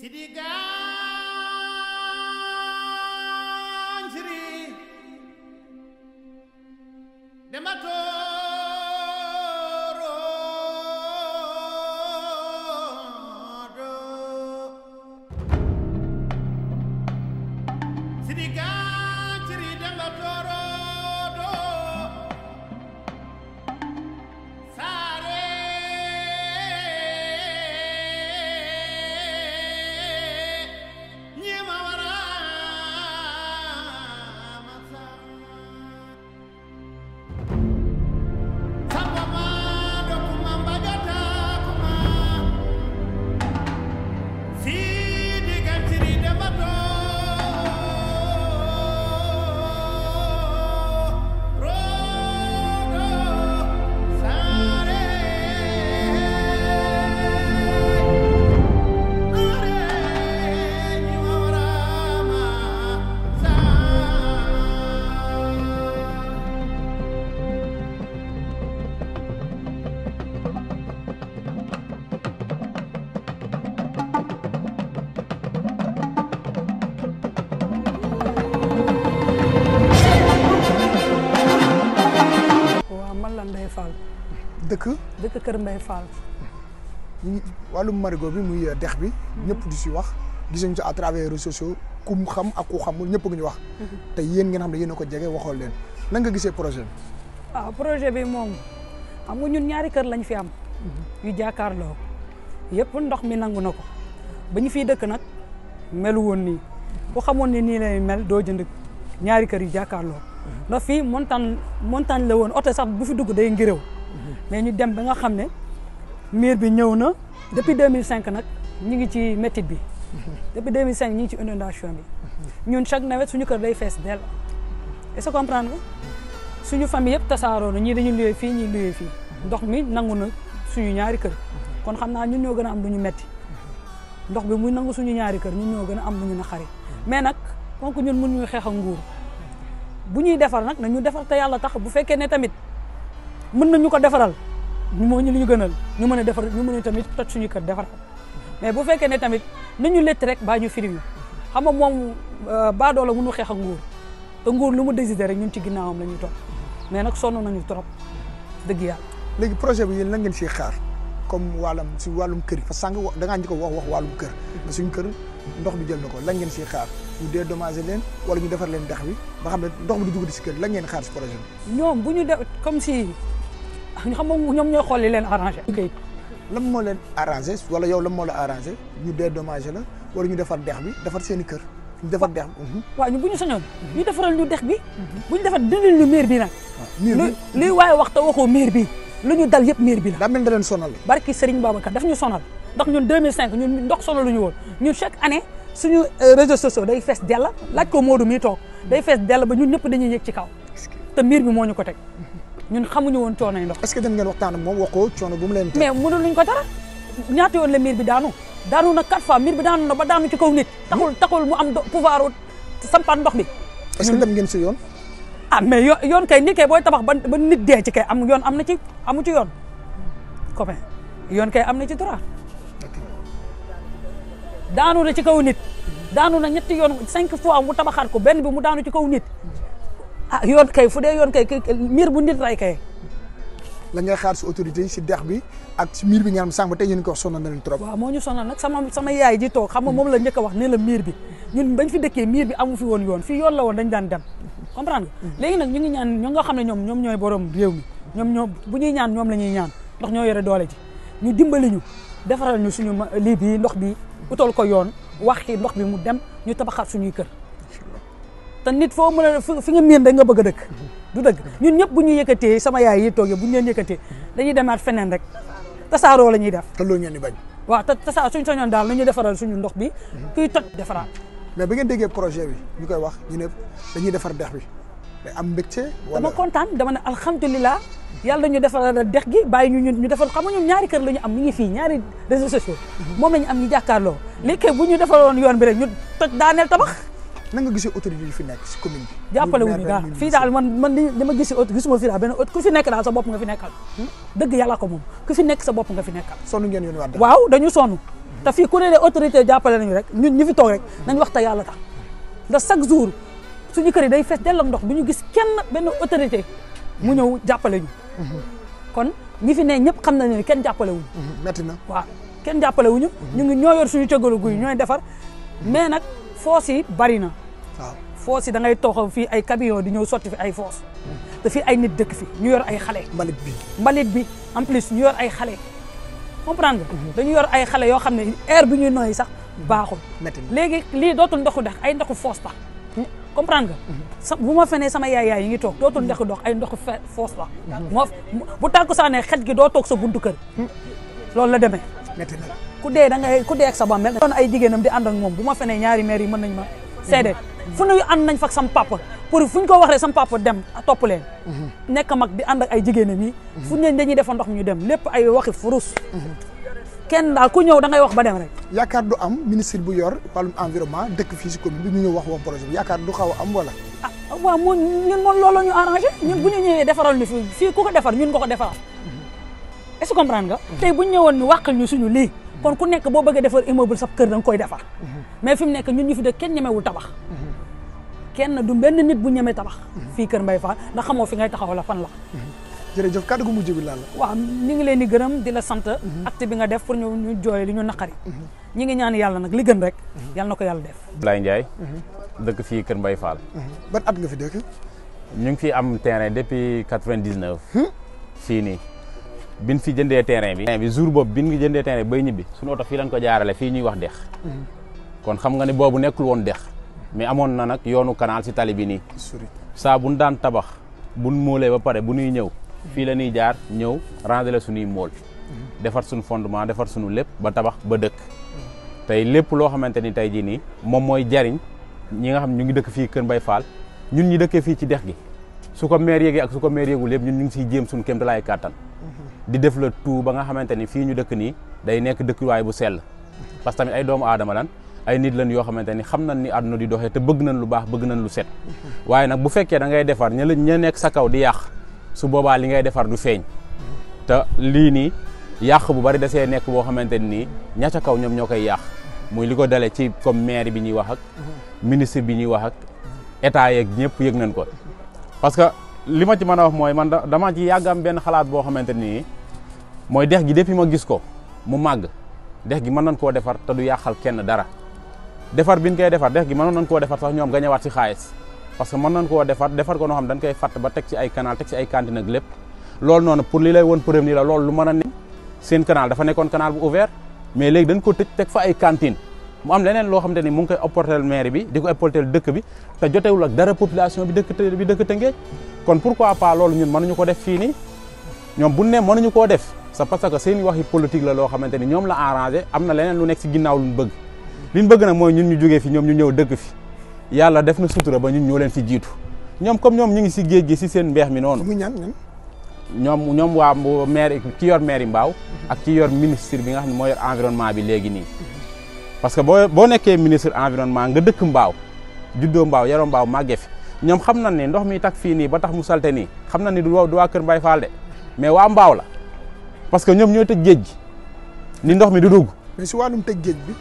se Siriga Baye Fall walum marigot bi muy euh, dex bi mhm. ñepp di ci wax gis nañ ci à travers réseaux sociaux kum xam ak ku xamul ñepp ngi wax mhm. té yeen ngeen xam né yeen ko jégué waxol leen nan nga gisé projet ah projet bi mom xam nga ñun ñaari kër lañ fi am mhm. yu jakarlo yépp ndox mi nangu nako bañu fi dëkk nak melu won ni ku xamone ni ni lay mel do jënd ñaari kër yu jakarlo ndax fi montagne montagne la won auto sax bu fi dugg day ngirew mais ñu dem ba nga miir bi ñëw na depuis 2005 nag ñu ngi ci métit bi depuis cinq ñu ngi ci inondation bi ñun chaque nawet suñu kër day fees dell est-ce que comprendre nga suñu famille yëpp tasaaroo na ñii dañu luyee fii ñii luyee fii ndox mi nangu na suñu ñaari kër kon xam naa ñun ñoo gën a am lu ñu metti ndox bi muy nangu suñu ñaari kër ñun ñoo gën a am lu ñu xari mais nag kon ñun mënuñu xeex ak nguur bu ñuy defar nag nañu defar te yàlla tax bu fekkee ne tamit mën nañu ko defaral ñu mo ñu li ñu gënal ñu mëna défar ñu mëna tamit toj suñu kër défar mais bu fekké né tamit ñu lett rek ba ñu firi ñu xam nga mom euh, ba do la mënu xex ak nguur te nguur lu mu décidé rek ñun ci ginnawam lañu top mais nak sonu nañu trop deug ya légui projet bi yeen la ngeen ci xaar comme walam ci walum kër fa sang da nga ñiko wax wax walum kër ba suñu kër ndox bi jël nako la ngeen ci xaar ñu dédommager leen wala ñu défar leen dakh bi ba xam ne ndox bi du dugg ci kër la ngeen xaar ci projet ñoom buñu comme si ñu nga ñoom ñooy xool li leen arrangé. ok moo leen arrangé wala yow lan moo la arrangé ñu dédommagé la wala ñu defar dex bi defar seen i kër. ñu defar dex bi. waaw ñu bu ñu soñoon. Mhm. ñu defaral ñu dex bi. Mhm. bu ñu defar dindil ñu miir bi nag. Ah, waaye wax te waxoo miir bi. lu ñu dal yëpp miir bi la. daa mel da leen sonal. barki Serigne Babacar daf ñu sonal ndax ñun 2005 ñun ndox sonalu ñu woon ñu chaque année. suñu euh, réseaux sociaux day fees della laaj ko moo Modou mi toog day fees dell ba ñu ñëpp dañuy yëg ci kaw te miir bi moo ñu ko teg ñun xamuñu woon coonoy ndox. est-ce que dem ngeen waxtaan ak moom wax ko coono bu mu leen. mais mënuluñ ko dara ñaata yoon la miir bi daanu daanu na quatre fois miir bi daanu na ba daanu ci kaw nit. taxul taxul mu am pouvoir sampaat ndox bi. est-ce que dem ngeen si yoon. ah mais yo kay nit booy tabax ba ba nit ci kay am yoon am na ci amu ci yoon copain yoon kay am na ci droit daanu na ci kaw nit daanu na ñetti yoon cinq fois mu tabaxaat ko benn bi mu daanu ci kaw nit ah yoon kay fu dee yoon kay miir bu nit rey kay. la ngay xaar si autorité yi si dex bi ak si miir bi nga xam sànq ba tey yéen ko wax sonal na leen trop. waaw moo ñu sonal nag sama sama yaay ji toog xam nga moom la njëkk a wax ne la miir bi ñun bañ fi dëkkee miir bi amu fi woon yoon fi yoon la woon dañ daan dem comprendre nga. Mm. léegi nag ñu ngi ñaan ñoo nga xam ne ñoom ñoom ñooy borom réew ñoom ñoo bu ñuy ñaan ñoom la ñuy ñaan ndax ñoo yore doole ji ñu dimbali ñu defaral ñu suñu lii bii ndox bi bu utal ko yoon wax ki ndox bi mu dem ñu tabaxaat suñuy kër te nit foo mën a fi nga miin rek nga bëgg a dëkk du dëgg ñun ñëpp bu ñu yëkkatee sama yaay yi toogee bu ñu leen yëkkatee dañuy demaat feneen rek tasaaroo la ñuy def te loolu ngeen di bañ waaw te tasaar suñ sañoon daal nañu defaral suñu ndox bi mhm. kuy toj defaraat mais bi ngeen déggee projet bi ñu koy wax ñu ne dañuy defar dex bi day am mbégte dama kontaan dama ne alhamdulilah yàlla ñu defaral dex gi bàyyi ñu ñu defar xam nga ñun ñaari kër la ñu am mu ngi fii ñaari réseaux sociaux mhm. moom la ñu am ñu jàkkaarloo léegi bu ñu defaroon yoon bi rek ñu toj daaneel tabax nan nga gisee autorité yi fi nekk si commune bi. jàppale wu ñu daal fii daal man man li ma gis gisuma fii daal benn ku fi nekk daal sa bopp nga fi nekkal. Hmm? dëgg yàlla ko moom ku fi nekk sa bopp nga fi nekkal. sonn ngeen yoon waat waaw dañu sonn. te fii ku ne de autorité jàppale nañu rek ñun ñu fi toog rek hmm. nañ wax te yàlla tax ndax chaque jour suñu kër yi day fees dell ak ndox du ñu gis kenn benn autorité mu ñëw jàppale ñu. Hmm. kon ñi fi ne ñëpp xam nañu ne kenn jàppale wuñu. metti na waaw kenn jàppale wuñu. ñu ngi ñoo yor suñu cëggalu guy ñooy defar mais nag foos yi bari na. waaw foos da ngay toxaw fii ay camion di ñëw sotti fi ay foos. Hmm. te fii ay nit dëkk fi ñu yor ay xale. mbalit bi mbalit bi en plus ñu yor ay xale. comprendre nga. Hmm. dañu yor ay xale yoo xam ne air bi ñuy noyyi sax hmm. baaxul. léegi lii dootul ndoxu dex ay ndoxu foos la. comprendre nga. bu ma fenee sama yaay yaay yi ngi toog dootul ndoxu dox ay ndoxu foos la. moo bu takk sax ne xet gi doo toog sa buntu kër. loolu la deme metti na ku dee da ngay ku dee ak sa bàmmeel doon ay jigéenam di ànd ak moom bu ma fenee ñaari maire yi mën nañ ma seede fu ñu ànd nañ fak sam papa pour fu ñu ko waxee sam papa dem topp leen mhm. nekk mag di ànd ak ay jigéenam yi mhm. fu ñu dañuy defa ndox ñu dem lépp ay waxi furus mhm. kenn daal ku ñëw da ngay wax ba dem rek yaakaar du am ministre bu yor wàllum environnement dëkk fii si commune bi ñu ñëw wax wax projet bi yaakaar du xaw a am wala ah waaw moom ñun moom loolu ñu arrangé ñun bu ñu ñëwee defaral ñu fii fii ku ko defar ñun ko ko defaral est-ce que comprendre nga tey bu ñu ñëwoon ñu que ñu suñu lii kon ku nekk boo bëggee defar immeuble sa kër da nga koy defar mais fi mu nekk ñun ñu fi de kenn ñemewul tabax kenn du benn nit bu ñemee tabax fii kër Mbaye Fall ndax xamoo fi ngay taxaw la fan la jërëjëf kàddu gu mujj bi lan la waaw ngi leen di gërëm di la sant acte bi nga def pour ñu ñu jooy li ñu naqari ñi ngi ñaan yàlla nag li gën rek yàlla na ko def Blay Ndiaye dëkk fii kër Mbaye Fall ban at nga fi dëkk ñu ngi fi am terrain depuis quatre vingt bin fi jëndee terrain bi. terrain bi jour boobu bin ngi jëndee terrain bi bay ñibbi suñu oto fii lañ ko jaarale fii ñuy wax dex. kon xam nga ne boobu nekkul woon dex. mais amoon na nag yoonu canal si tali bi nii. saa bu ñu daan tabax bu ñu moolee ba pare bu ñuy ñëw. fii la ñuy jaar ñëw ranger la suñuy mool. defar suñu fondement defar suñu lépp ba tabax ba dëkk. tey lépp loo xamante ni tey jii nii moom mooy jariñ ñi nga xam ñu ngi dëkk fii Kër bay Fall ñun ñi dëkkee fii ci dex gi. su ko maire yéegee ak su ko maire yéegul lépp ñun ñu ngi siy jéem suñu kéemtalaay kàttan mhm. di def la tout ba nga xamante ni fii ñu dëkk nii day nekk dëkkuwaay bu sell parce que tamit ay doomu aadama lan ay nit lan yoo xamante ni xam nañ ni àdduna di doxee te bëgg nañ lu baax bëgg nañ lu set mhm. waaye nag bu fekkee da ngay defar ña la ña nekk sa kaw di yàq su boobaa li ngay defar du feeñ mhm. te lii nii yàq bu bari da nekk boo xamante ni ña ca kaw ñoom ñoo koy yàq muy li ko dale ci comme maire bi ñuy wax ak ministre bi ñuy wax ak état yeeg ñëpp yëg nañ ko parce que li ma ci mën a wax mooy man dama ci yàgg am benn xalaat boo xamante nii mooy dex gi depuis ma gis ko mu màgg dex gi man nañ koo defar te du yàqal kenn dara defar biñ koy defar dex gi mënoon nañ koo defar sax ñoom gañewaat si xaalis parce que mën nañ koo defar defar ko noo xam dañ koy fàtt ba teg ci ay canal teg ci ay cantine ak lépp loolu noonu pour li lay won problème nii la loolu lu mën a ne seen canal dafa nekkoon canal bu ouvert mais léegi dañ ko tëj teg fa ay cantine mu am leneen loo xamante ni mu ngi koy apporter maire bi di ko apporter dëkk bi te jotewul ak dara population bi dëkk bi dëkk Tëngéej kon pourquoi pas loolu ñun mënuñu ko def fii nii ñoom bu ne mënuñu koo def c'est parce que seen waxi politique la loo xamante ni ñoom la arrangé am na leneen lu nekk si ginnaaw luñ bëgg liñ bëgg nag mooy ñun ñu jógee fii ñoom ñu ñëw dëkk fi yàlla def na sutura ba ñun ñoo leen fi jiitu ñoom comme ñoom ñu ngi si géej gi si seen mbeex mi noonu ñoom ñoom waa maire ki yor maire yi mbaaw ak ki yor ministre bi nga xam ne moo yor bi léegi nii parce que bo nekké ministre environnement nga dëkk mbaw juddo mbaw yaro mbaw magge fi ñom xam nañ ne ndox mi tak fi ni ba tax mu salté ni xam nañ ne du wa Kër mbay Fall dé mais wa mbaw la parce que ñom ñoy tej géej ni ndox mi du dug mais si wàllum tej géej bi.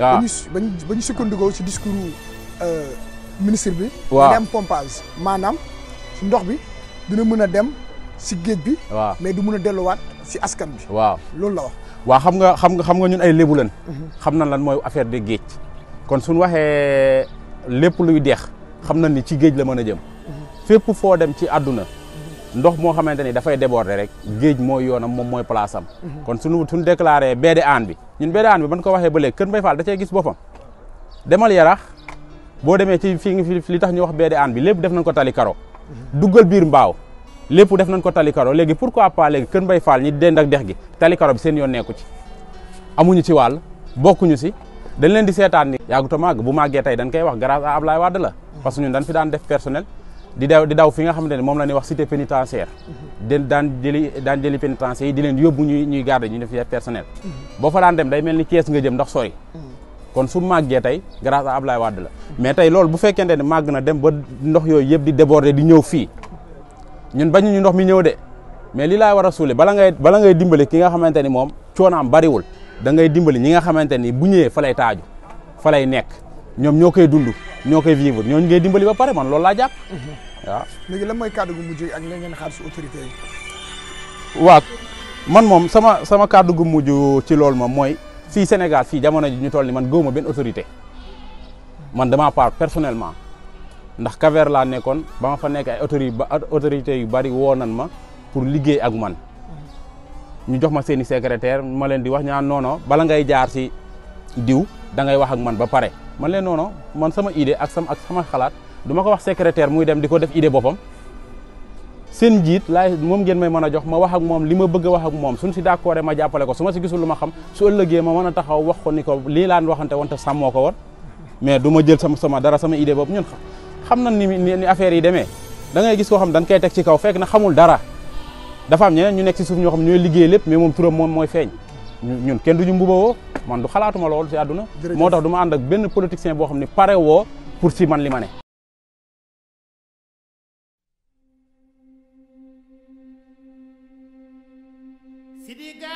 waaw ba ñu ba ñu sukkandikoo si discours euh, ministre bi. dem pompage manam ci ndox bi dina mëna dem ci géej bi. mais du mëna déllu wat ci askan bi. waaw loolu la wax. waa xam nga xam nga xam nga ñun ay lébu lañ mhm. xam nañ lan mooy affaire de géej kon suñu waxee lépp luy dex xam na ni ci géej la mën a jëm mhm. fépp foo dem ci àdduna mhm. ndox moo xamante ni dafay déborder rek géej mooy yoonam moom mooy place am kon suñu suñu déclaré beede aan bi ñun beede aan bi ban ko waxee ba léegi Kër Mbaye Fall da cee gis boppam demal yarax boo demee ci fii li tax ñu wax beede aan bi lépp def nañ ko tali karo duggal biir mbaaw lépp def nañ ko tali karo léegi pourquoi pa léegi Kër Mbay Fall ñi dend ak dex gi tali karo bi seen yoon nekku ci amuñu ci wàll bokkuñu si dañ leen di seetaan ni yàgguta màgg bu màggee tey dañ koy wax grâce à Ablaye Wade la parce que ñun dañ fi daan def personnel di daw di daw nga xamante ne moom la ñuy wax cité pénitentiaire den daan jëli daan jëli pénitentiaire yi di leen yóbbu ñuy ñuy garde ñu def personnel boo fa daan dem day mel ni kees nga jëm ndox sooy kon su màggee tey grâce ab Ablaye Wade la mais tey loolu bu fekkente ne màgg na dem ba ndox yooyu yëpp di déborder di ñëw fii ñun bañu ñu ndox mi ñëw de mais li laay war a suule bala ngay bala ngay dimbali ki nga xamante ni moom coonaam bariwul dangay dimbali ñi nga xamante ni bu ñëwee fa lay taaju fa lay nekk ñoom ñoo koy dund ñoo koy vivre ñooñu ngay dimbali ba pare man loolu laa jàpp mm-hmm. waaw. léegi lan mooy kàddu gu mujj ak la ngeen xaar si autorité yi. man moom sama sama kàddu mujj ci loolu moom mooy fii Sénégal fii jamono ji ñu toll ni man gëwuma benn autorité man dama part personnellement. ndax cap laa nekkoon ba ma fa nekk ay autorité yu bari woo nan ma pour liggéey ak man ñu jox ma seeni secrétaire ma leen di wax ñaan noono bala ngay jaar si diw da ngay wax ak man ba pare man leen noono man sama idée ak sama ak sama xalaat du ma ko wax secrétaire muy dem di ko def idée boppam seen njiit laay moom ngeen may mën a jox ma wax ak moom li ma bëgg wax ak moom suñ si d'accord ma jàppale ko su ma si gisul lu ma xam su ëllëgee ma mën a taxaw wax ko ni ko lii laan waxante wante sàmmoo ko woon mais du jël sama sama dara sama idée boobu ñun xam na ni ni affaire yi demee da ngay gis koo xam dañ koy teg ci kaw fekk na xamul dara dafa am ñeneen ñu nekk ci suuf ñoo xam ñooy liggéey lépp mais moom turam moom mooy feeñ ñun kenn duñu mbubawoo man du xalaatuma loolu ci àdduna moo tax du ma ànd ak benn politicien boo xam ne pare woo pour si man li ma ne si